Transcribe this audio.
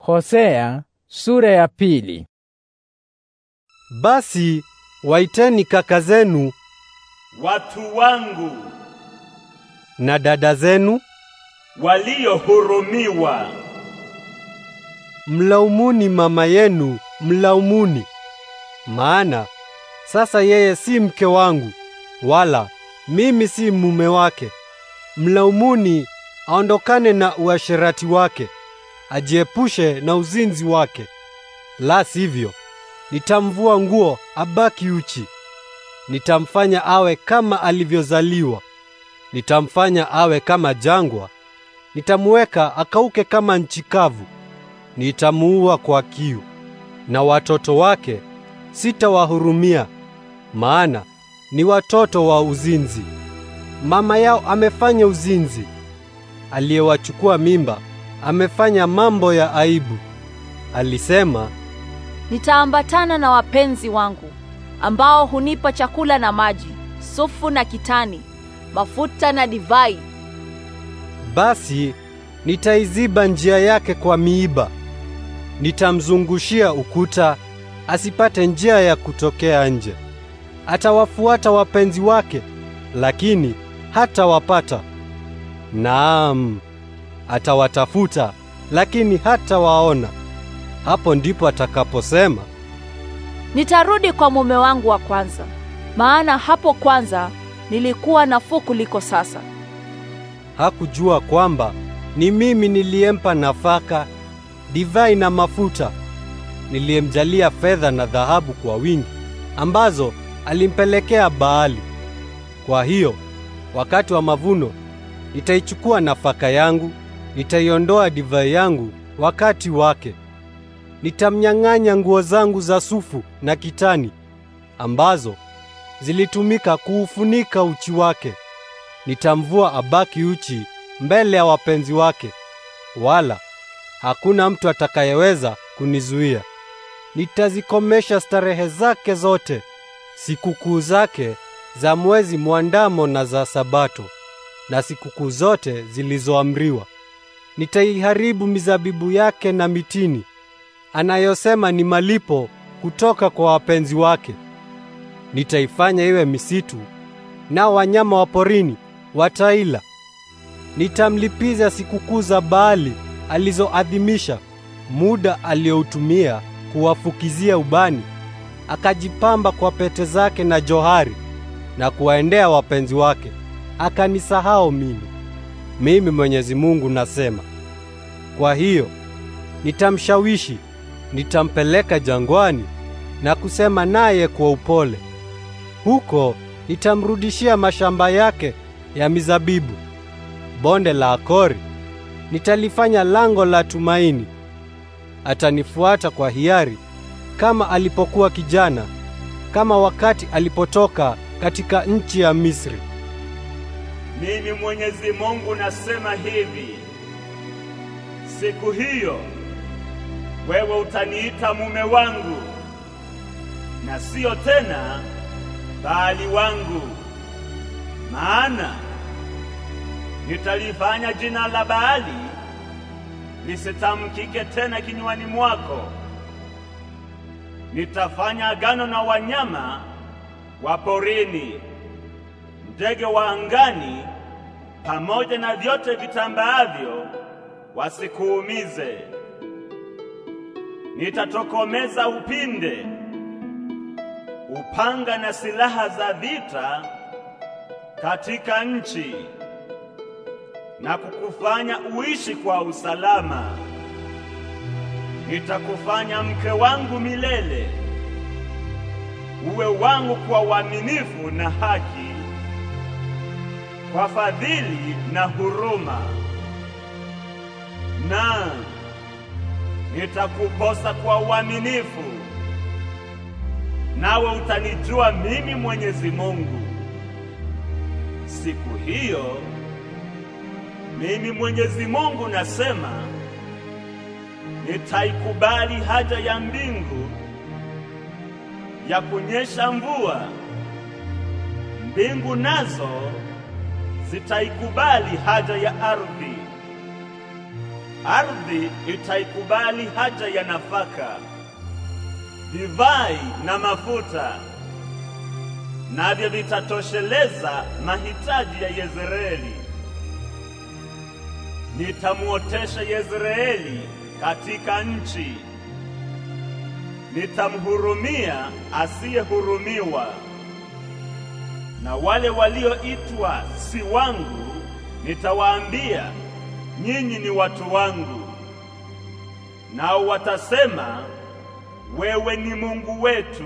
Hosea sura ya pili. Basi waiteni kaka zenu watu wangu na dada zenu waliohurumiwa, mlaumuni mama yenu, mlaumuni maana sasa yeye si mke wangu wala mimi si mume wake. Mlaumuni aondokane na uasherati wake ajiepushe na uzinzi wake, la sivyo nitamvua nguo abaki uchi. Nitamfanya awe kama alivyozaliwa, nitamfanya awe kama jangwa, nitamuweka akauke kama nchi kavu, nitamuua kwa kiu, na watoto wake sitawahurumia, maana ni watoto wa uzinzi. Mama yao amefanya uzinzi, aliyewachukua mimba amefanya mambo ya aibu. Alisema, nitaambatana na wapenzi wangu ambao hunipa chakula na maji, sufu na kitani, mafuta na divai. Basi nitaiziba njia yake kwa miiba, nitamzungushia ukuta asipate njia ya kutokea nje. Atawafuata wapenzi wake, lakini hatawapata. Naam atawatafuta, lakini hatawaona. Hapo ndipo atakaposema, nitarudi kwa mume wangu wa kwanza, maana hapo kwanza nilikuwa nafuu kuliko sasa. Hakujua kwamba ni mimi niliyempa nafaka, divai na mafuta, niliyemjalia fedha na dhahabu kwa wingi, ambazo alimpelekea Baali. Kwa hiyo wakati wa mavuno nitaichukua nafaka yangu Nitaiondoa divai yangu wakati wake. Nitamnyang'anya nguo zangu za sufu na kitani ambazo zilitumika kuufunika uchi wake. Nitamvua abaki uchi mbele ya wapenzi wake, wala hakuna mtu atakayeweza kunizuia. Nitazikomesha starehe zake zote, sikukuu zake za mwezi mwandamo na za Sabato, na sikukuu zote zilizoamriwa nitaiharibu mizabibu yake na mitini anayosema ni malipo kutoka kwa wapenzi wake. Nitaifanya iwe misitu, nao wanyama wa porini wataila. Nitamlipiza sikukuu za Baali alizoadhimisha, muda aliyoutumia kuwafukizia ubani, akajipamba kwa pete zake na johari na kuwaendea wapenzi wake, akanisahau mimi. Mimi Mwenyezi Mungu nasema. Kwa hiyo nitamshawishi, nitampeleka jangwani na kusema naye kwa upole. Huko nitamrudishia mashamba yake ya mizabibu. Bonde la Akori nitalifanya lango la tumaini. Atanifuata kwa hiari kama alipokuwa kijana, kama wakati alipotoka katika nchi ya Misri. Mimi Mwenyezi Mungu nasema hivi: Siku hiyo wewe utaniita mume wangu, na siyo tena bali wangu, maana nitalifanya jina la Baali lisitamkike tena kinywani mwako. Nitafanya agano na wanyama wa porini, ndege wa angani, pamoja na vyote vitambaavyo wasikuumize. Nitatokomeza upinde, upanga na silaha za vita katika nchi na kukufanya uishi kwa usalama. Nitakufanya mke wangu milele, uwe wangu kwa uaminifu na haki, kwa fadhili na huruma na nitakuposa kwa uaminifu, nawe utanijua mimi Mwenyezi Mungu. Siku hiyo mimi Mwenyezi Mungu nasema, nitaikubali haja ya mbingu ya kunyesha mvua, mbingu nazo zitaikubali haja ya ardhi ardhi itaikubali haja ya nafaka, divai na mafuta, navyo vitatosheleza mahitaji ya Yezreeli. Nitamuotesha Yezreeli katika nchi, nitamhurumia asiyehurumiwa, na wale walioitwa si wangu nitawaambia nyinyi ni watu wangu, nao watasema wewe ni Mungu wetu.